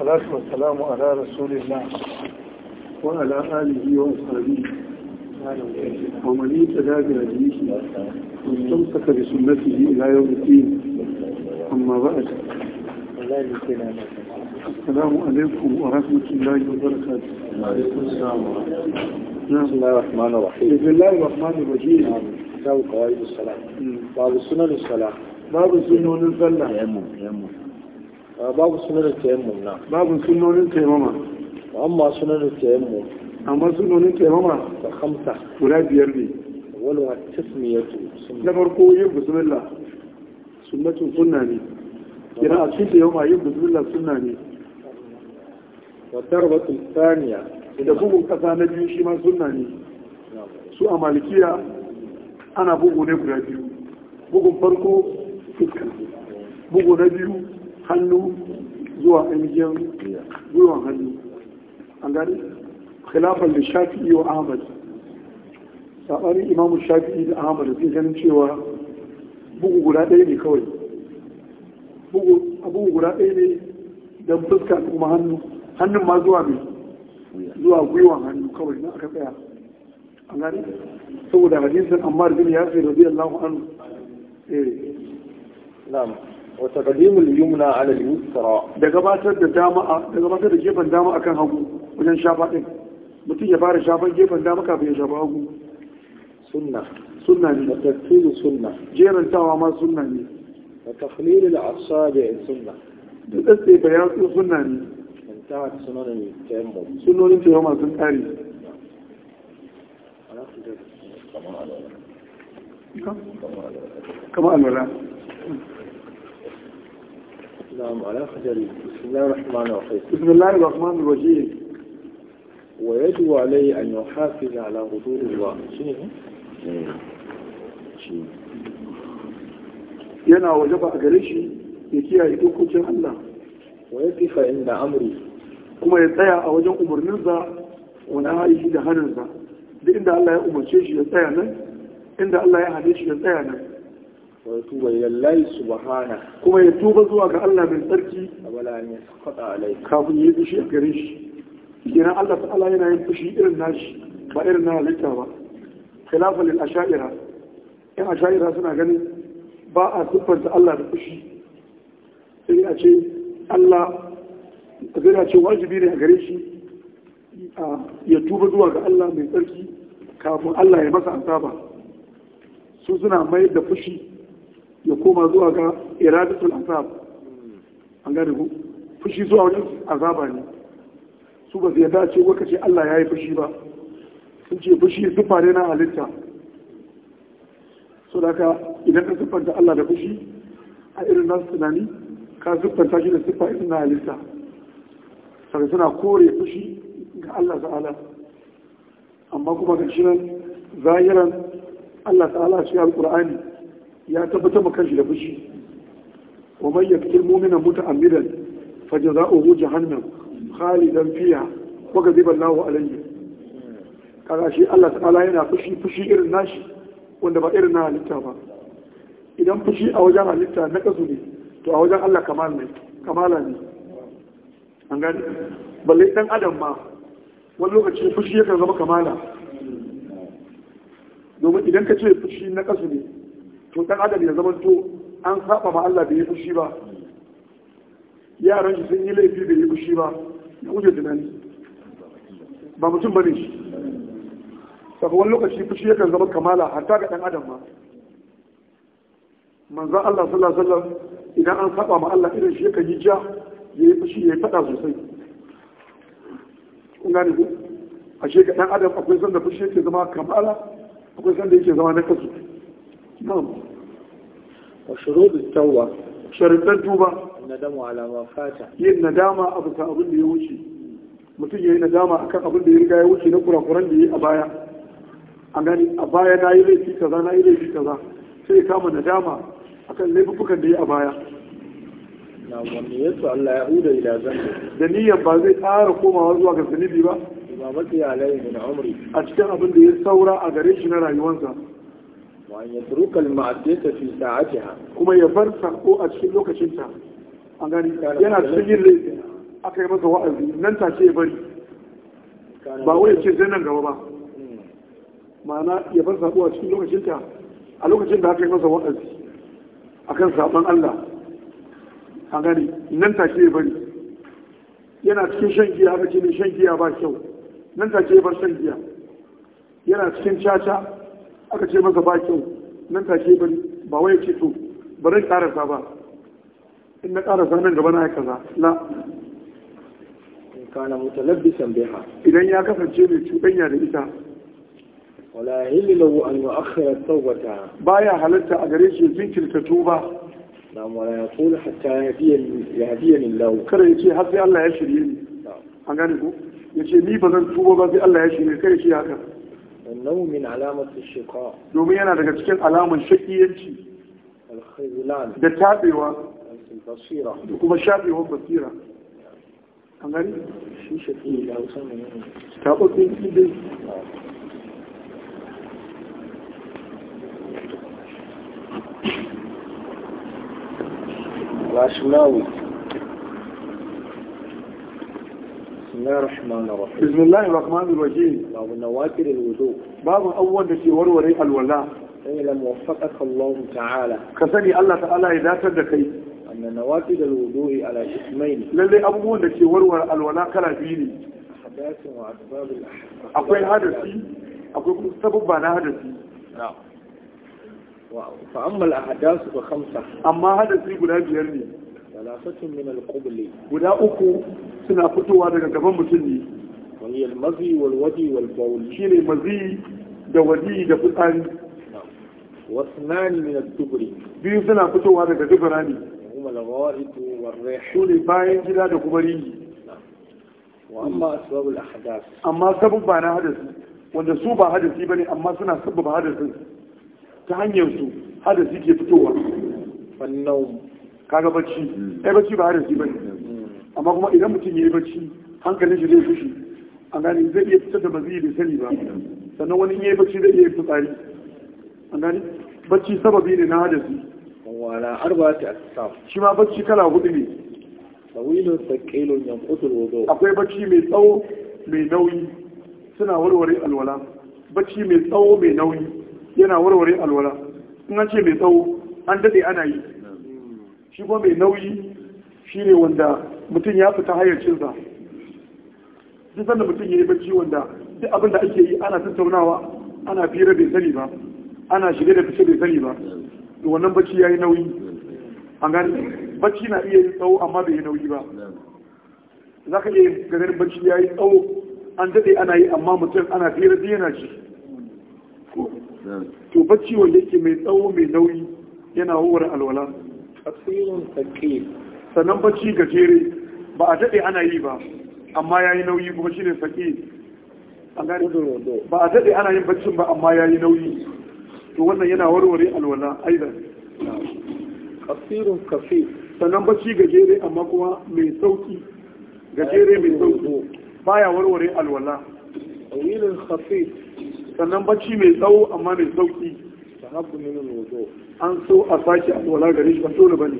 الصلاة والسلام على رسول الله وعلى آله وأصحابه ومن اهتدى بهديه واستمسك بسنته إلى يوم الدين أما بعد السلام عليكم ورحمة الله وبركاته وعليكم السلام ورحمة الله نعم. الرحمن الرحيم بسم الله الرحمن الرحيم نعم. باب قواعد الصلاة باب السنن الصلاة باب سنن الصلاة babu sunanin tayammum na babu sunanin tayammama amma sunanin tayammum amma sunanin tayammama ta hamsa guda biyar ne wani wa tasmiyatu na farko yin bismillah sunnatun sunna ne kira a cikin tayammama yin bismillah sunna ne wa darbatul thaniya da bugun kasa na biyu shi ma sunna ne su a malikiya ana bugu ne guda biyu bugun farko fuska bugu na biyu hannu zuwa ainihin gwiwan hannu an gani khilafar da shafi'i wa ahmad saɓarin imamu shafi'i da ahmad da zai ganin cewa bugu guda ɗaya ne kawai bugu guda ɗaya ne don fuska da kuma hannu hannun ma zuwa mai zuwa gwiwan hannu kawai na aka tsaya an gani saboda hadisin amma da bin yasir radiyallahu anhu eh na'am وتقديم اليمنى على اليسرى دغبات الدامة دغبات الجيب الدامة كان هم ولن شابين متي يبار شابين جيب الدامة كان شابين سنة سنة تكفيل سنة جيب التوى ما سنة وتخليل العصاد سنة تأتي بيات سنة انتهت سنة التأمم سنة انت هما سنة كما الولاء كما الولاء نعم على خجل بسم الله الرحمن الرحيم بسم الله الرحمن الرحيم ويجب عليه أن يحافظ على حضور الله yana wajaba a gare shi ya kiyaye dokokin Allah wa ya kifa inda amri kuma ya tsaya a wajen umarninsa wani haihi da hannunsa duk inda Allah ya umarce shi ya tsaya nan inda Allah ya hane shi ya tsaya nan wa yatuba ila Allah subhana kuma ya tuba zuwa ga Allah mai tsarki wala an yasqata alai kafin yi fushi a gare shi kenan Allah ta'ala yana yin fushi irin nashi ba irin na halitta ba khilafan lil asha'ira yan asha'ira suna ganin ba a siffanta Allah da fushi sai a ce Allah zai a ce wajibi ne a gare shi ya tuba zuwa ga Allah mai tsarki kafin Allah ya masa azaba su suna mai da fushi ya koma zuwa ga iradatul azab an gane ku fushi zuwa wajen azaba ne su ba zai dace waka ce Allah ya yi fushi ba sun ce fushi zufa ne na halitta so da ka idan ka zufanta Allah da fushi a irin nasu tunani ka zufanta shi da zufa irin na halitta sai suna kore fushi ga Allah ta'ala amma kuma ga shi nan zahiran Allah ta'ala shi alqur'ani ya tabbatar ma kanshi da fushi wa man yaqtil mu'mina muta'ammidan fajza'uhu jahannam khalidan fiha wa ghadiba Allahu alayhi kaga shi Allah ta'ala yana fushi fushi irin nashi wanda ba irin na halitta ba idan fushi a wajen halitta na kasu ne to a wajen Allah kamal ne kamala ne an gani balle dan adam ma wani lokaci fushi yakan zama kamala domin idan ka ce fushi na kasu ne to dan adam ya zama to an saba ma Allah bai yi fushi ba yaran shi sun yi laifi bai yi fushi ba ya kuke tunani ba mutum bane shi saka wani lokaci fushi yakan zama kamala hatta ga dan adam ma manzo Allah sallallahu alaihi wasallam idan an saba ma Allah irin shi yakan yi ja yayi fushi yayi fada sosai kun gane ku ashe ga ɗan adam akwai sanda fushi yake zama kamala akwai sanda yake zama na kasu وشروط التوبة شرط التوبة الندم على ما فات yin nadama abu kan abin da ya wuce mutum ya yi nadama a kan abin da ya riga ya wuce na kurakuran da ya yi a baya a gani a baya na yi laifi kaza na yi laifi kaza sai ya kama nadama kan laifukan da ya yi a baya na wani yasu Allah ya huda ila zanbi da niyyar ba zai tsara komawa zuwa ga zunubi ba ba mafi alayhi min umri a cikin abin da ya saura a gare shi na rayuwarsa wa ya turukal ma'asiyata fi sa'atiha kuma ya bar sako a cikin lokacinta A gani yana cikin yin laifi aka yi masa wa'azi nan ta ce ya bari ba wai ce zai nan gaba ba ma'ana ya bar sako a cikin lokacinta a lokacin da aka yi masa wa'azi akan saban Allah A gani nan ta ce ya bari yana cikin shan giya aka ce ne shan giya ba kyau nan ta ce ya bar shan giya yana cikin caca aka ce masa ba kyau nan ta ce ba wai ce to bari karasa ba in na karasa nan gaba na kaza la kana mutalabbisan biha idan ya kasance mai cuɗanya da ita wala hilli lahu an yu'akhkhira tawbata baya halatta a gare shi jinkirta tuba nam wala yaqulu hatta yahdiyani Allah kada yace har sai Allah ya shirye ni an gane ku yace ni bazan tuba ba sai Allah ya shirye kai shi haka النوم من علامة الشقاء نومي أنا لقد كان علامة شقية الخذلان دتابي و البصيرة وكما شابي هو بصيرة أمري gani? shi shafi da تابو ne ta راشناوي بسم الله الرحمن الرحيم باب نواكر الوضوء باب أول شيء وروري الولاء اعلم وفقك الله تعالى كسني الله تعالى إذا تدكي أن نواكر الوضوء على اسمين للي أول شيء ورور الولاء كلا بيني أحداث وأسباب الأحداث أقول هذا الشيء أقول سبب أنا هذا الشيء نعم فأما الأحداث فخمسة أما هذا الشيء قلها بيرني salafatun min al-qubli guda uku suna fitowa daga gaban mutum ne wani mazi wal wadi wal bawl shine mazi da wadi da fitsari wasnani min al-dubri biyu suna fitowa daga dubra ne kuma al-ghaid wal rih bayan gida da kuma rihi amma asbabul ahdath amma sababa na hadasi wanda su ba hadasi bane amma suna sababa hadasin ta hanyar su hadasi ke fitowa fannaum kaga bacci hmm. ai bacci ba harin bane hmm. amma kuma idan mutum ya yi bacci hankalin shi zai fushi A gani zai iya fitar da mazi da sani ba sannan wani ya yi bacci zai iya fitsari a gani bacci sababi ne na hadasi wala arba'ati asaf shi ma bacci kala hudu ne tawilun yanqutul wudu akwai bacci mai tsawo mai nauyi suna warware alwala bacci mai tsawo mai nauyi yana warware alwala in an ce mai tsawo an dade ana yi shi kuma mai nauyi shi ne wanda mutum ya fita cinsa duk sanda mutum ya yi bacci wanda duk abin da ake yi ana tattaunawa ana fira bai sani ba ana shige da fice bai sani ba to wannan bacci ya yi nauyi an gani bacci na iya yin tsawo amma bai yi nauyi ba za ka iya ganin bacci ya yi tsawo an daɗe ana yi amma mutum ana fira zai yana ji to bacci wanda yake mai tsawo mai nauyi yana wuwar alwala qasirun thaqil sannan bacci gajere ba a daɗe ana yi ba amma ya yi nauyi kuma shi ne an gane ba a daɗe ana yin baccin ba amma ya yi nauyi to wannan yana warware alwala aidan qasirun kafe sannan bacci gajere amma kuma mai sauki gajere mai sauki baya warware alwala tawilin khafif sannan bacci mai tsawo amma mai sauki tahabbu min an so a sake alwala gare shi ba dole ba ne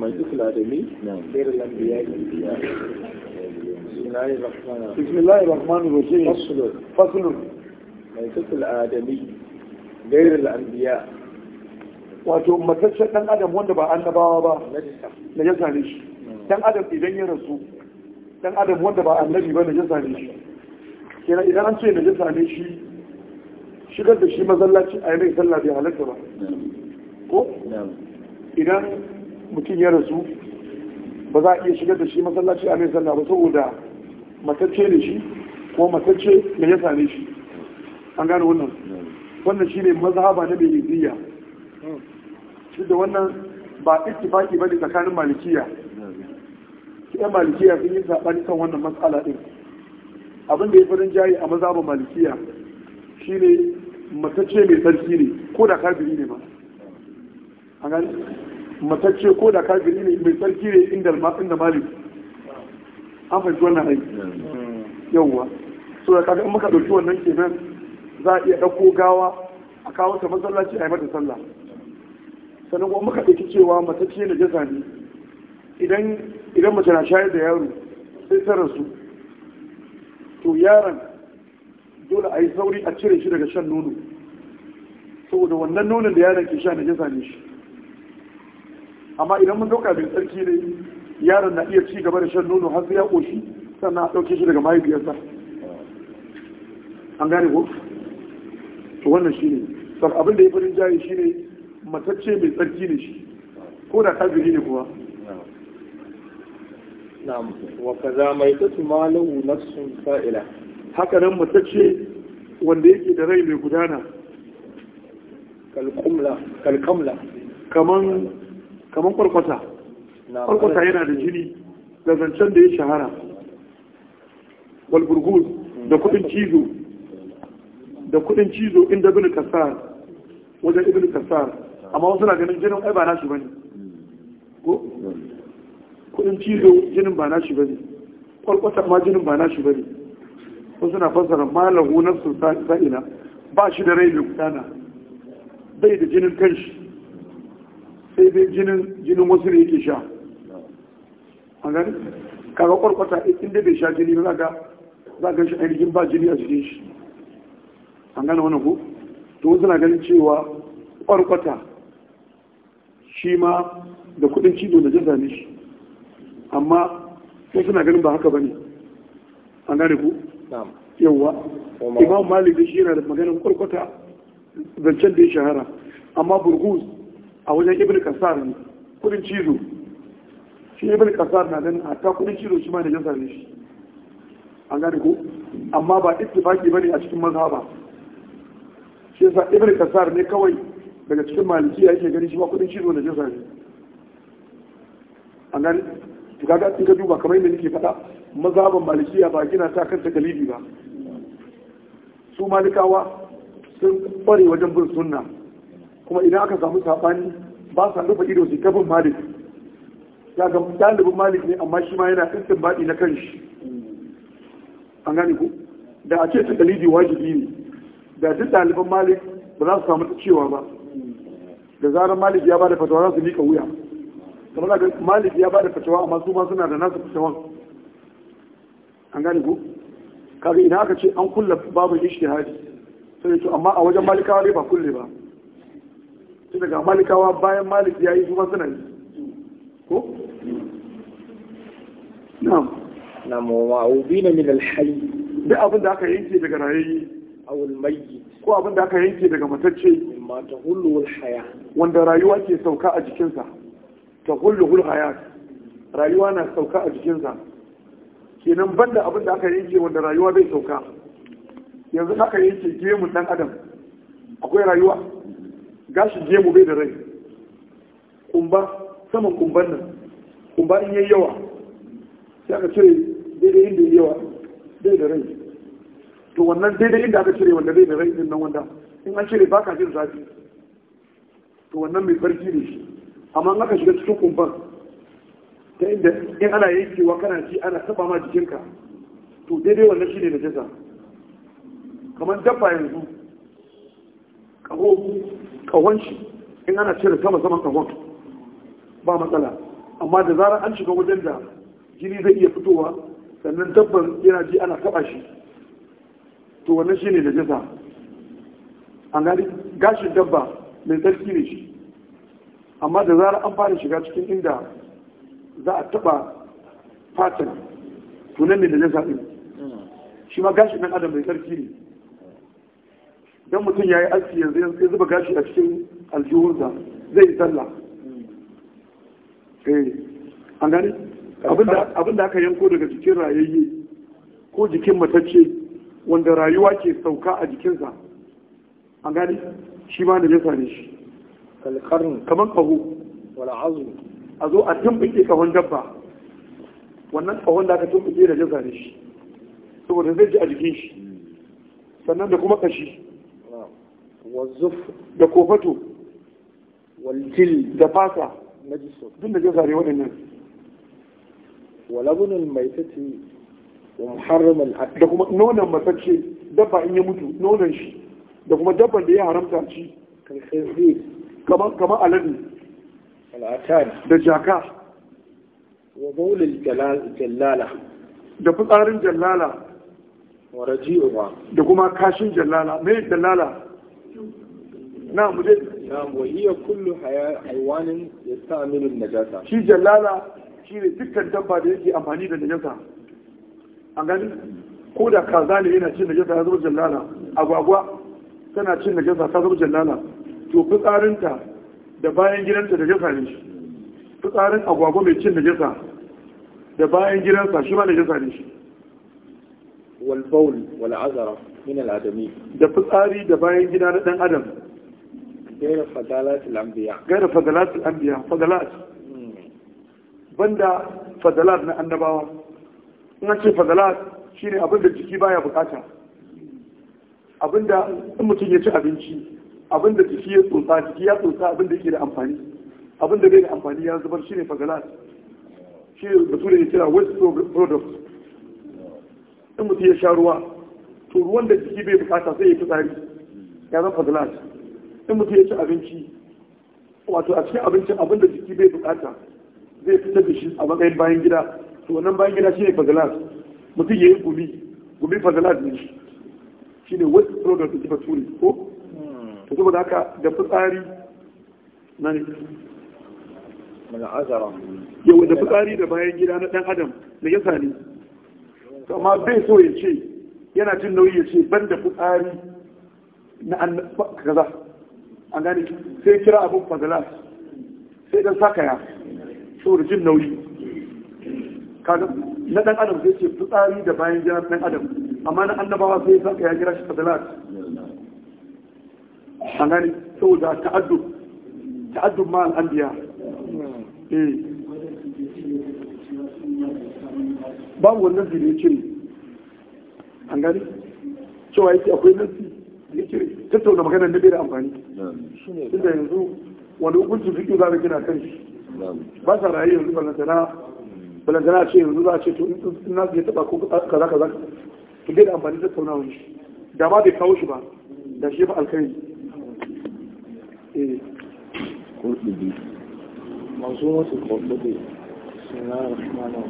ميت الآدمي نعم. غير الأنبياء بسم الله الرحمن الرحيم بسم الله الرحمن الرحيم فصل فصل ميت الآدمي غير wato mataccen dan adam wanda ba annabawa ba na jasa ne dan adam idan ya rasu dan adam wanda ba annabi ba na jasa ne shi idan an ce na jasa ne shigar da shi masallaci a yanayin mutum ya rasu ba za a iya shigar da shi masallaci a yanayin sallah ba saboda matacce ne shi ko matacce na ya ne shi an gane wannan wannan shine mazhaba na malikiya shi da wannan ba ittifaki bane tsakanin malikiya shi yan malikiya sun yi saɓani kan wannan matsala ɗin abin da ya farin jayi a ba malikiya shine matacce mai sarki ne ko da kafiri ne ma a gani matacce ko da kafiri ne mai sarki ne inda inda malik an fahimci wannan aiki hmm. yawwa so da kafin muka ɗauki wannan kenan za a iya ɗauko gawa a kawo ta masallaci a yi mata sallah sannan kuma muka ɗauki cewa matacce da jasa ne idan mace na shayar da yaro sai ta rasu to yaron dole a yi sauri a cire shi daga shan nono saboda wannan nonon da yaron ke sha na jasa ne shi amma idan mun ɗauka bin tsarki ne yaron na iya ci gaba da shan nono har sai ya ƙoshi sannan a ɗauke shi daga mahaifiyarsa an gane ko to wannan shi ne sab abin da ya farin jaye shi ne matacce mai tsarki ne shi ko da kafiri ne kuwa na'am wa kaza mai tatu malahu nafsun sa'ila haka nan matacce wanda yake da rai mai gudana kalkumla kalkamla kaman kaman kwarkwata kwarkwata yana da jini da zancen da ya shahara walburguz da kudin cizo da kudin cizo inda ibn kasar wajen ibn kasar amma wasu na ganin jinin ai ba shi bane ko kudin cizo jinin ba na shi bane kwalkwata ma jinin ba na shi bane wasu na fassara malahu su sa'ina ba shi da rai mai bai da jinin kanshi sai dai jinin jinin wasu ne yake sha a gani kaga kwalkwata inda bai sha jini ba za ga shi ainihin ba jini a jikin shi an gane wani ku to suna ganin cewa kwarkwata shi ma da kudin cido da jaza ne shi amma sai suna ganin ba haka ba ne an gane ku yawwa imam malik shi yana da maganin kwarkwata zancen da ya shahara amma burgus a wajen ibn kasar ne kudin cizo shi ibn kasar na ganin hatta kudin cizo shi ma da jaza ne shi an gane ku amma ba ittifaki bane a cikin mazhaba shi yasa ibn kasar ne kawai daga cikin maliki ya yake gani shi ma kudin cizo na jasa ne an gani to ga in ka duba kamar yadda nake faɗa mazhaban malikiya ba gina ta kan takalibi ba su malikawa sun kware wajen bin sunna kuma idan aka samu sabani ba sa rufe ido su ta bin malik ya ga dalibin malik ne amma shi ma yana istinbadi na kanshi an gani ku da a ce takalibi wajibi ne da duk ɗaliban malik ba za su samu cewa ba da zarar malik ya ba da fatawa za su miƙa wuya kamar da malik ya ba da fatawa amma su ma suna da nasu fatawa an gane ku kaga idan aka ce an kulla babu ishtihadi sai to amma a wajen malikawa dai ba kulle ba sai daga malikawa bayan malik ya yi su ma suna yi ko na'am na mawa'ubina min alhayy duk abin da aka yanke daga rayayi awul mai ko abin da aka yanke daga matacce ma haya wanda rayuwa ke sauka a jikinsa ta tahullu haya rayuwa na sauka a jikinsa kenan banda abin da aka yanke wanda rayuwa bai sauka yanzu aka yanke gemu dan adam akwai rayuwa Gashi gemu bai da rai kumba saman kumban nan kumba in yayi yawa sai aka cire daidai inda yayi yawa bai da rai to wannan daidai inda aka cire wanda zai da rai din nan wanda in an cire baka jin zafi to wannan mai farki ne shi amma in aka shiga cikin kumban ta inda in ana yankewa kana ji ana taba ma jikinka to daidai wannan shi ne da jasa kamar dabba yanzu kaho kahon shi in ana cire sama saman kahon ba matsala amma da zarar an shiga wajen da jini zai iya fitowa sannan dabban yana ji ana taba shi to wannan ne da jisa an gani gashin dabba mai tsarki ne shi amma da zarar an fara shiga cikin inda za a taba fatan to nan ne da jisa din shi ma gashin nan adam mai tsarki ne don mutum ya yi aski yanzu ya zuba gashi a cikin aljihunsa zai yi sallah eh, an gani abinda aka yanko daga jikin rayayye ko jikin matacce wanda rayuwa ke sauka a jikinsa an gane shi ma da nesa ne shi kamar kaho wala azu a zo a tumbuke kahon dabba wannan kahon da aka tumbuke da nesa ne shi saboda zai ji a jikin shi sannan da kuma kashi wazzuf da kofato waljil da fata duk da nesa ne waɗannan mai maitati da kuma nonon matacce dabba in ya mutu nonon shi da kuma dabban da ya haramta ci kamar aladu da jaka wa baulil jallala da fitsarin jallala wa raji'uha da kuma kashin jallala Mai jallala na muje je na wa hiya kullu hayawanin yasta'milu najasa shi jallala shi ne dukkan dabba da yake amfani da najasa a gani ko da kaza ne yana cin najasa ta zubar jallala agwagwa tana cin najasa ta zubar jallala to fitsarinta da bayan gidanta najasa ne shi fitsarin agwagwa mai cin najasa da bayan gidansa shi ma najasa ne shi wal bawl wal azara min al adami da fitsari da bayan gida na dan adam gaira fadalat al anbiya gaira fadalat al anbiya fadalat hmm. banda fadalat na annabawa in ce fadalat shi ne abinda jiki baya bukata abinda in mutum ya ci abinci abinda jiki ya tsotsa jiki ya tsotsa abinda yake da amfani abinda bai da amfani ya zubar shi ne fadalat shi ne bature ya kira waste product in mutum ya sha ruwa to ruwan da jiki bai bukata sai ya fitsari ya zama fadalat in mutum ya ci abinci wato a cikin abincin abinda jiki bai bukata zai fitar da shi a matsayin bayan gida to wannan bayan gida shine fazalas mutum ya yi gumi gumi fazalas ne shine waste product da kifa turi ko to da haka da fitsari na ne azara yau da fitsari da bayan gida na dan adam da ya sani to amma bai so ya ce yana jin nauyi ya ce ban da fitsari na an kaza an gane sai kira abun fazalas sai dan sakaya saboda jin nauyi kaga na dan adam zai ce fitsari da bayan jiran dan adam amma na annabawa sai zaka ya kira shi fadalat an gani saboda ta'addub ta'addub ma al-anbiya eh babu wannan zai ne cire an gani cewa yake akwai nasi da yake tattauna maganar na bai da amfani tunda yanzu wani hukuncin fiƙi za ka gina kan shi ba sa raye yanzu balantana balantana ce yanzu za a ce tun na zai taba ko kaza kaza to dai da amfani da tattaunawa wani. da ba bai kawo shi ba da shi ba alkhairi eh ko dubi masu wasu kwaɗaɗe suna rahmanin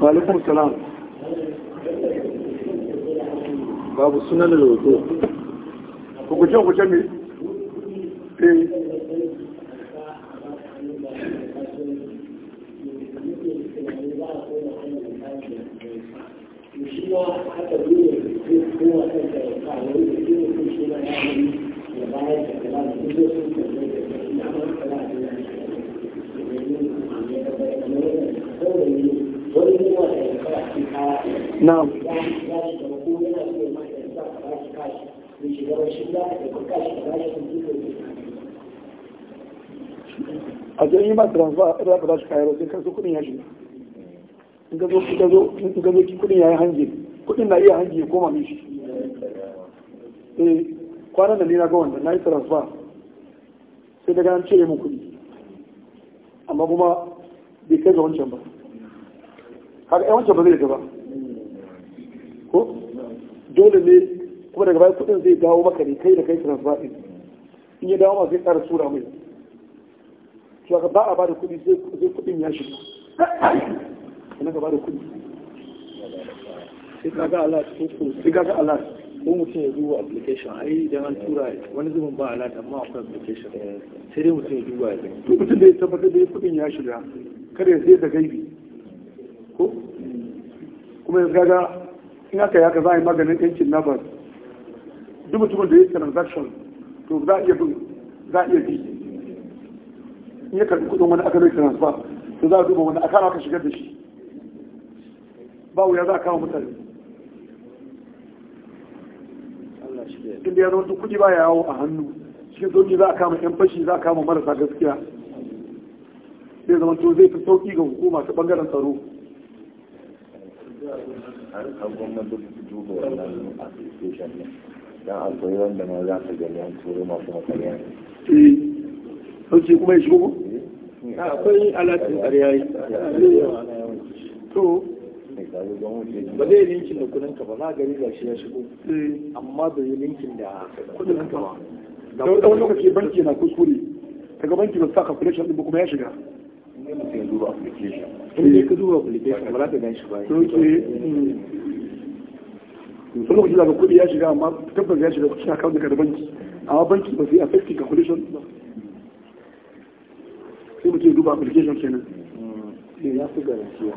Walaikun salam. Babu sunan da hoto. Hukuce-hukuce ne? Eh. za ka kuɗin na iya hange ya koma eh, kwanan da ni na wanda na yi transfer sai daga an cire min kuɗi amma kuma bai kai ga wancan ba haka yan wancan ba zai gaba ko dole ne kuma daga baya kuɗin zai dawo maka ne kai da kai transfer din in ya dawo ma sai tsara tura mai to ba a ba da ya ba da sai ga ko ga mutum ya duba application ai idan an tura wani zubin ba alat amma akwai application sai dai mutum ya duba ya gani mutum da ya tabbatar da kuɗin ya shiga kada ya sai da gaibi ko kuma ya gaga in aka yaka za a yi maganin yancin nabas duk mutumin da ya transaction to za a iya bin za a iya bi in ya karbi kudin wani aka mai transfer to za a duba wani akara aka shigar da shi ba wuya za a kama mutane inda ya zama kudi ba ya yawo a hannu cikin soji za a kama yan fashi za a kama marasa gaskiya zai zama to zai fi sauki ga hukuma ta bangaren tsaro an gwamnati duba wannan application ne don akwai wanda ma za ka gani an turo masu makarya ne eh. sauci kuma ya shigo akwai alatin ƙarya to ba zai linkin da kudin ka ba za gari ga shi ya shigo eh. amma da yi linkin da kudin ka ba da wani lokaci banki na kuskure daga banki ba sa calculation din ba kuma ya shiga ne duba application eh. in ka duba application ba za ka gan shi ba sun mm. lokaci daga kudi ya shiga amma tabbas ya shiga kusa kawo daga banki amma banki ba su yi affecting calculation ba sai mutum ya duba application kenan mm. eh, ya fi garantiya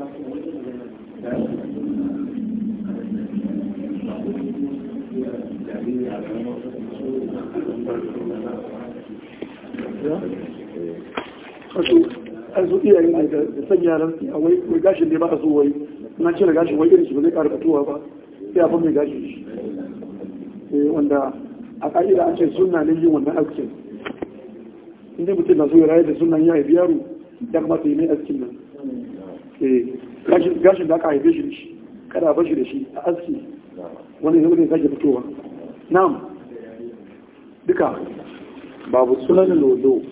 wato an zo ne da san yaran a wai wai gashin ne ba a so wai na cire gashin wai irin shi ba zai ƙara fitowa ba sai a fa mai gashin shi eh, wanda a ƙa'ida an ce sunna ne yin wannan aikin inda mutum na zuwa ya da sunan ya haifi yaro ya kamata yi mai aski nan eh, gashin da aka haife shi shi kada a bashi da shi a aski wani ne wani sake fitowa na'am duka babu sunan lodo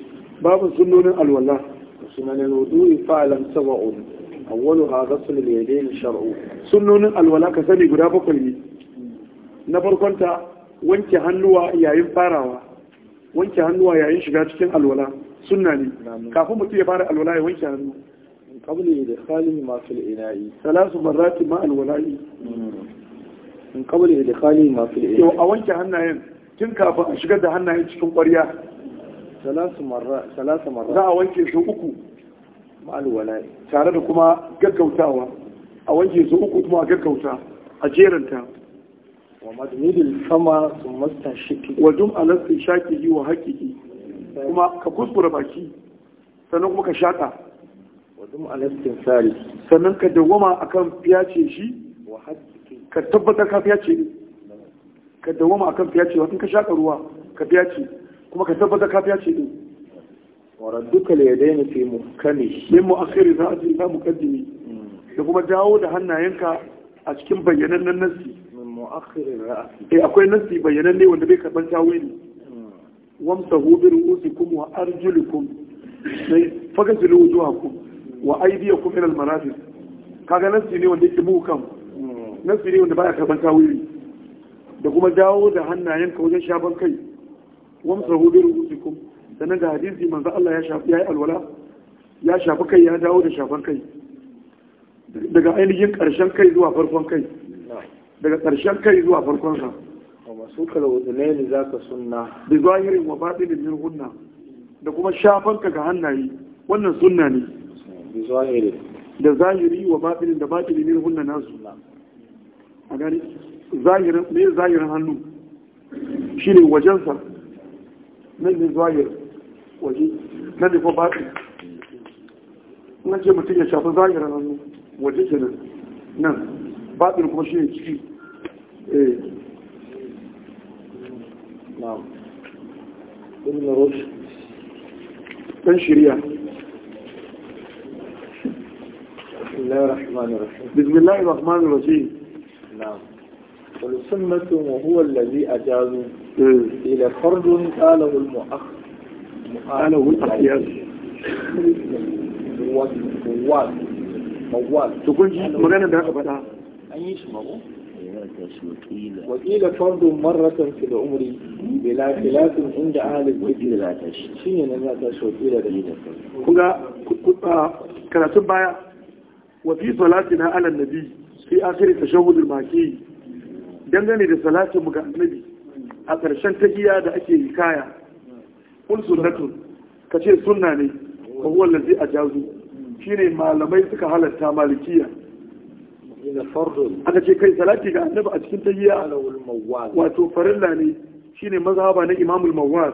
babu sunonin alwala sunan lodo ya fa'alan saba'un awwalu ha gasul yadayn shar'u sunonin alwala ka sani guda bakwai ne na farkonta wanke hannuwa yayin farawa wanke hannuwa yayin shiga cikin alwala sunna ne kafin mutum ya fara alwala ya wanke hannu qabli idkhalihi ma fil ina'i salasu marrati ma alwala'i in mm. qabli idkhalihi ma fil ina'i a wanke hannayen tun kafin a shigar da hannayen cikin ƙwarya salasu marra salasu marra za a wanke su uku ma alwala'i tare da kuma gaggautawa a wanke su uku kuma a gaggauta a jeranta ومدمير الفم ثم استنشقه ودم على استنشاقه وحقه كما ككسر باكي sannan kuma ka shaƙa wadum alastin sari sannan ka a kan fiyace shi ka tabbatar ka fiyace ne ka dawwama akan fiyace wa ka shaƙa ruwa ka fiyace kuma ka tabbatar ka fiyace ne waradduka la yadaina fi muhkami mu mu'akhiri za a je za mu muqaddimi hmm. da kuma dawo da hannayenka a cikin bayyanannen nasi. mu'akhirin ra'asi eh akwai nasi bayanan ne wanda bai karban tawili wamsahu bi ru'usikum wa arjulikum sai fagazilu wujuhakum wa aydiyakum ila al-marafiq kaga nasi ne wanda yake muhkam nasi ne wanda baya karban tawili da kuma dawo da hannayen ka wajen shafan kai wamsahu bi ru'usikum sannan ga hadisi manzo Allah ya shafi yayi alwala ya shafi kai ya dawo da shafan kai daga ainihin ƙarshen kai zuwa farkon kai daga ƙarshen kai zuwa farkon sa wa masu kalwuzunaini za ka sunna da zahirin wa da min hunna da kuma shafan ka ga hannaye wannan sunna ne da zahiri wa baɗi da da min hunna na sunna a gani zahirin ne zahirin hannu shi ne wajensa na ne zahir waje nan ne kuma baɗi. na ce mutum ya shafi zahirin hannu waje kenan nan baɗin kuma شيء ne إيه. نعم eh na'am ibn شريعة بسم الله الرحمن الرحيم بسم الله الرحمن الرحيم نعم والسنة وهو الذي أجاز إيه. إلى فرد قاله المؤخ قاله الأحياز مواد مواد مواد تقول مغانا بها an yi shi mako wakila fardun marratan fi da umri bila filafin inda ahalin kuɗi da zata shi shi ne nan zata shi wakila da ni da kunga karatun baya wa fi salatina ala nabi fi akhiri tashahhudul maki dangane da salatin mu ga annabi a ƙarshen tahiya da ake yi kaya kun sunnatun kace sunna ne ka huwa allazi ajazu shine malamai suka halatta malikiya aka ce kai salati ga annabi a cikin tahiyya wato farilla ne shine mazhaba na imamul mawaz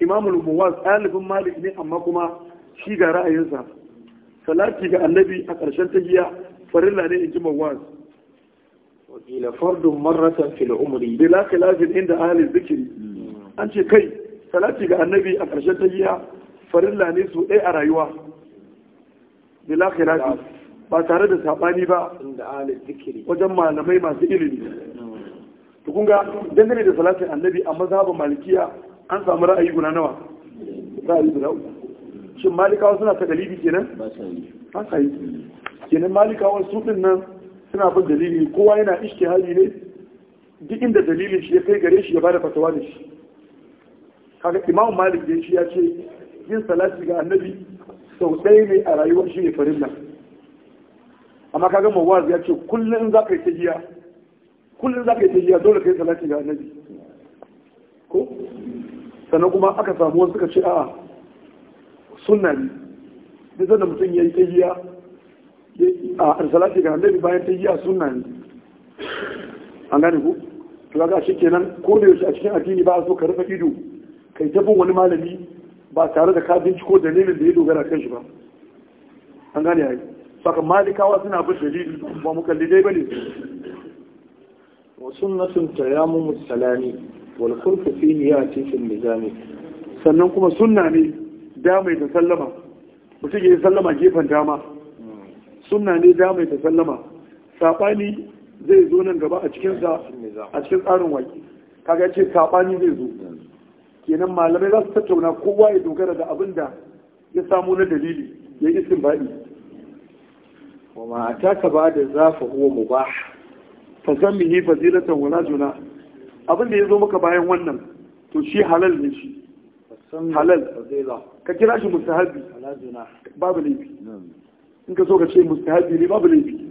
imamul mawaz ɗalibin malik ne amma kuma shi ga ra'ayinsa salati ga annabi a ƙarshen tahiyya farilla ne in ji mawaz wakila fardun marratan fil umri bila khilafin inda ahli zikiri an ce kai salati ga annabi a ƙarshen tahiyya farilla ne su ɗaya a rayuwa bila khilafin ba tare da sabani ba wajen malamai masu ilimi to kunga dangane da salatin annabi a mazhabin malikiya an samu ra'ayi guda nawa ra'ayi guda uku shin malikawa suna ta dalili kenan ba sai kenan malikawa su din nan suna bin dalili kowa yana hali ne duk inda dalilin shi ya kai gare shi ya bada fatawa da shi kaga imam malik dai shi ya ce yin salati ga annabi sau ɗaya ne a rayuwar shi ne farin nan amma kaga wa ya ce kullum in za ka yi jiya kullum za ka yi jiya dole ka yi salati ga annabi ko sannan kuma aka samu wasu suka ce a sunna ne duk sanda mutum ya yi jiya a salati ga annabi bayan jiya sunna ne an gane ku to ga shi kenan ko da yaushe a cikin addini ba a so ka rufe ido kai ta bin wani malami ba tare da ka binciko dalilin da ya dogara kan shi ba an gane yi saka malikawa suna bin dalili ba mu kalli dai bane wa sunnatun tayammum salami wal khulfu fi niyati fil mizani sannan kuma sunna ne da mai ta sallama mutum ya sallama gefen dama sunna ne da mai ta sallama sabani zai zo nan gaba a cikin sa a cikin tsarin waki kaga ce sabani zai zo kenan malamai za su tattauna kowa ya dogara da abin da ya samu na dalili ya yi baɗi. wa ma ataka ba da zafa huwa mubah fa zammihi fazilatan wala juna abin da yazo maka bayan wannan to shi halal ne shi halal ka kira shi mustahabi babu laifi in ka so ka ce mustahabi ne babu laifi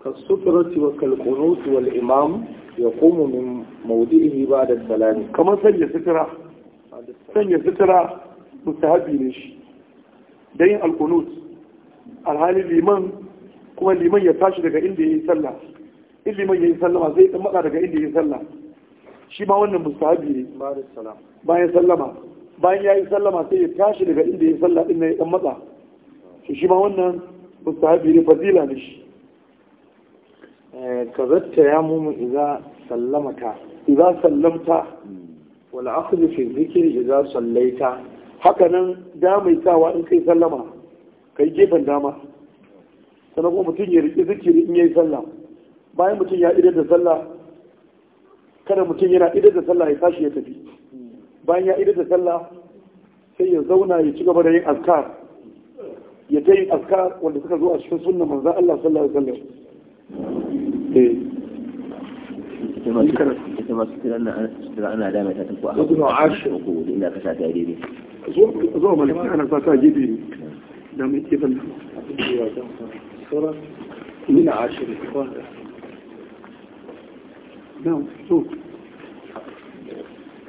وكالقنوت والإمام يقوم من موضعه بعد السلام كما سنية سترة سنية سترة مستهبي ليش دين القنوت alhali liman kuma liman ya tashi daga inda ya yi sallah in liman ya yi sallama zai dan matsa daga inda ya yi sallah shi ma wannan mustahabi ne bayan sallama bayan ya yi sallama sai ya tashi daga inda ya yi sallah din ya dan matsa to shi ma wannan mustahabi ne fazila ne shi eh, kazatta ya mumu idza sallamata idza sallamta wal akhdhu fi dhikri sallaita hakanan damaitawa in kai sallama ka yi gefen dama sannan kuma mutum ya riƙe zikiri in ya yi sallah bayan mutum ya idar da sallah kada mutum yana idar da sallah ya tashi ya tafi bayan ya idar da sallah sai ya zauna ya ci gaba da yin askar ya ta yin askar wanda suka zo a cikin sunna manzan Allah sallallahu alaihi wasallam eh. ita masu ana ta a ko sa ta daidai zo ta نعم يتبنى صورة من عشر نعم شوف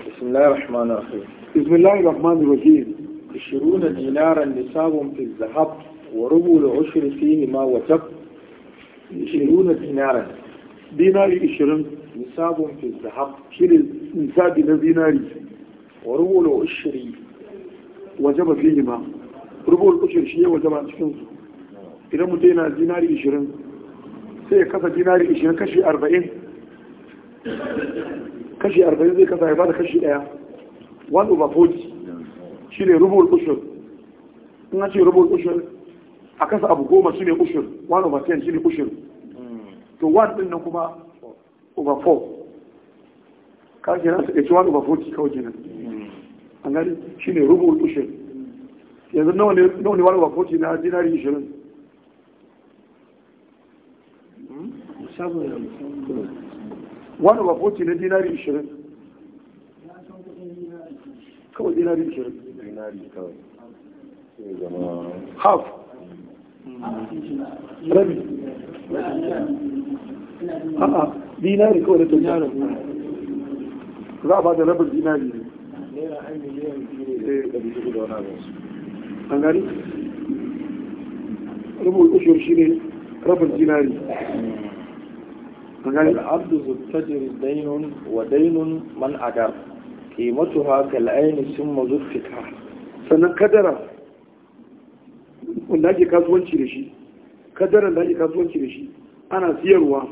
بسم الله الرحمن الرحيم بسم الله الرحمن الرحيم عشرون دينارا نصاب في الذهب وربع العشر فيه ما وتب عشرون دينارا ديناري عشرون نصاب في الذهب شيل نصاب ديناري وربع العشر وجب فيه ما rubuwar ushir shi yawa zama cikin su idan mutum yana dinari 20 sai ya kasa dinari 20 kashi 40 kashi 40 zai kasa ya bada kashi daya one over 40 shi ne rubuwar ushir in ce rubuwar ushir a kasa abu goma shi ne ushir one over ten shi ne ushir to one din nan kuma over 4 kashi na su ci one over 40 kawai kenan an gani shi ne rubuwar ushir yanzu nawa ne wani wakoti na dinari ishirin wani wakoti na dinari ishirin kawai dinari ishirin half rabi a'a dinari kawai da tunyarar za a ba da rabin dinari ne an gani rubul ushur shine rabin dinari an gani abdu zuttajir dainun wa dainun man adar qimatuha kal ayn summa zuttika sannan kadara wanda ake kasuwanci da shi Kadara da ake kasuwanci da shi ana siyarwa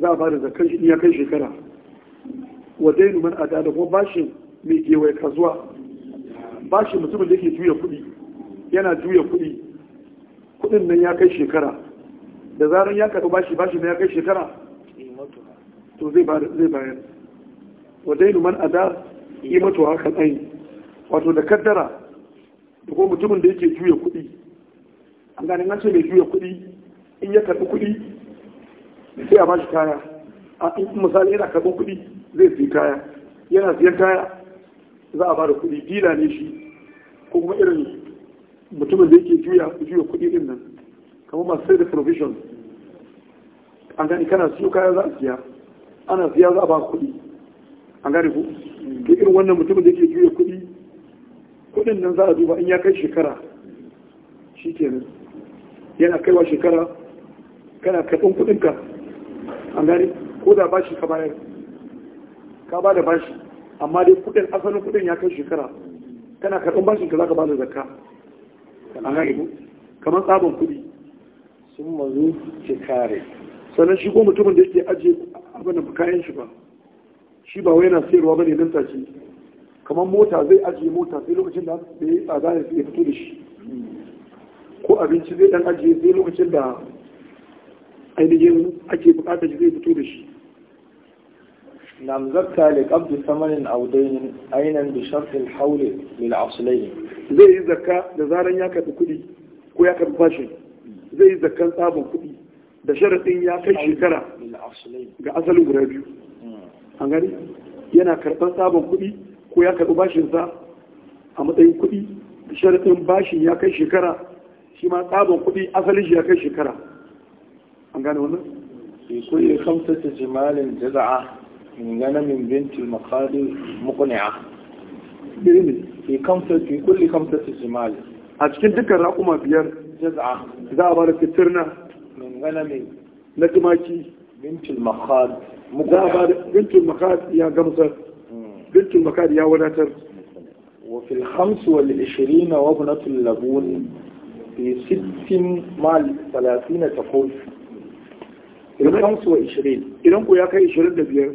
za a bada zakan shi ya kai shekara wa dainu man da kuma bashin mai kewaye kasuwa bashin mutumin da yake juya kuɗi yana juya kuɗi kuɗin nan ya kai shekara da zarar ya karɓi bashi bashi na ya kai shekara to zai bayar wa dainu man ada mato haka ayin wato da kaddara da kuma mutumin da yake juya kuɗi an gane an ce mai juya kuɗi in ya karɓi kuɗi sai a bashi kaya a in misali yana karɓin kuɗi zai siya kaya yana siyan kaya za a ba da kuɗi dila ne shi ko kuma irin mutumin da yake juya juya kuɗi din nan kamar masu sai da provision an gani kana siyo kaya za a siya ana siya za a ba kuɗi an gani ku hmm. ke irin wannan mutumin da yake juya kuɗi kuɗin nan za a duba in ya kai shekara shi kenan yana kaiwa shekara kana karɓin ka an gani ko da bashi ka bayar ka ba da bashi amma dai kuɗin asalin kuɗin ya kai shekara kana karɓin bashin ka za ka ba da zakka an gane kamar tsabon kuɗi sun mazu ke kare sannan shi ko mutumin da yake ajiye abin da kayan shi ba shi ba wai yana sayarwa bane nan take kamar mota zai ajiye mota sai lokacin da da ya tsada ya fito da shi ko abinci zai dan ajiye sai lokacin da ainihin ake bukatar shi zai fito da shi نعم زكى لقبض ثمن أو دين عينا بشرط الحول للأصلين zai yi zakka da zaran ya karbi kuɗi ko ya karbi fashin zai yi zakkan tsabon kuɗi da sharaɗin ya kai shekara ga asalin guda biyu an gani yana karɓar tsabon kuɗi ko ya karɓi bashinsa a matsayin kuɗi da sharaɗin bashin ya kai shekara shi ma kuɗi asalin shi ya kai shekara an gane wannan? ko yi kamsa ta jimalin jaza'a ngana min binti makali mukuni'a birni ke kamsa ke kulli kamsa a cikin dukkan raƙuma biyar jaz'a za a ba da gana min na tumaki binti makali za a ba da binti makali ya gamsa hmm. binti makali ya wadatar wa fil hamsu wal ishirin wa bunatul labun fi sittin mal talatin ta idan ku ya kai ishirin da biyar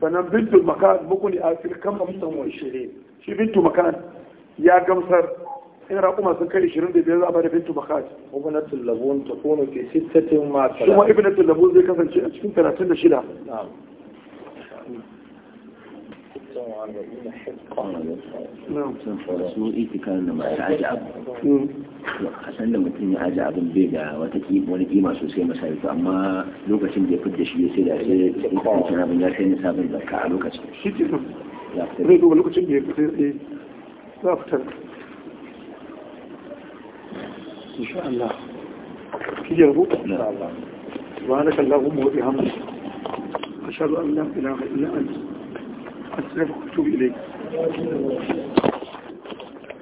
sannan bintu makan mukuni a firkan amsan wa shirin shi bintu makan ya gamsar in raƙuma sun kai da za a da bintu makan ibnatul labun takunu fi sittatin ma kuma ibnatul labun zai kasance a cikin 36 su iti karin da masu aji abu a san da mutum ya aji abin bai da wata wani kima sosai masarufi amma lokacin da ya fidda shi ya sai da sai da kuma abin ya sai na sabon zarka a lokacin shi ce zai duba lokacin da ya fita sai za a fitar insha Allah shi yanzu ba na kallahu mu wa bihamdi ashhadu an la ilaha illa anta أستغفرك وأتوب إليك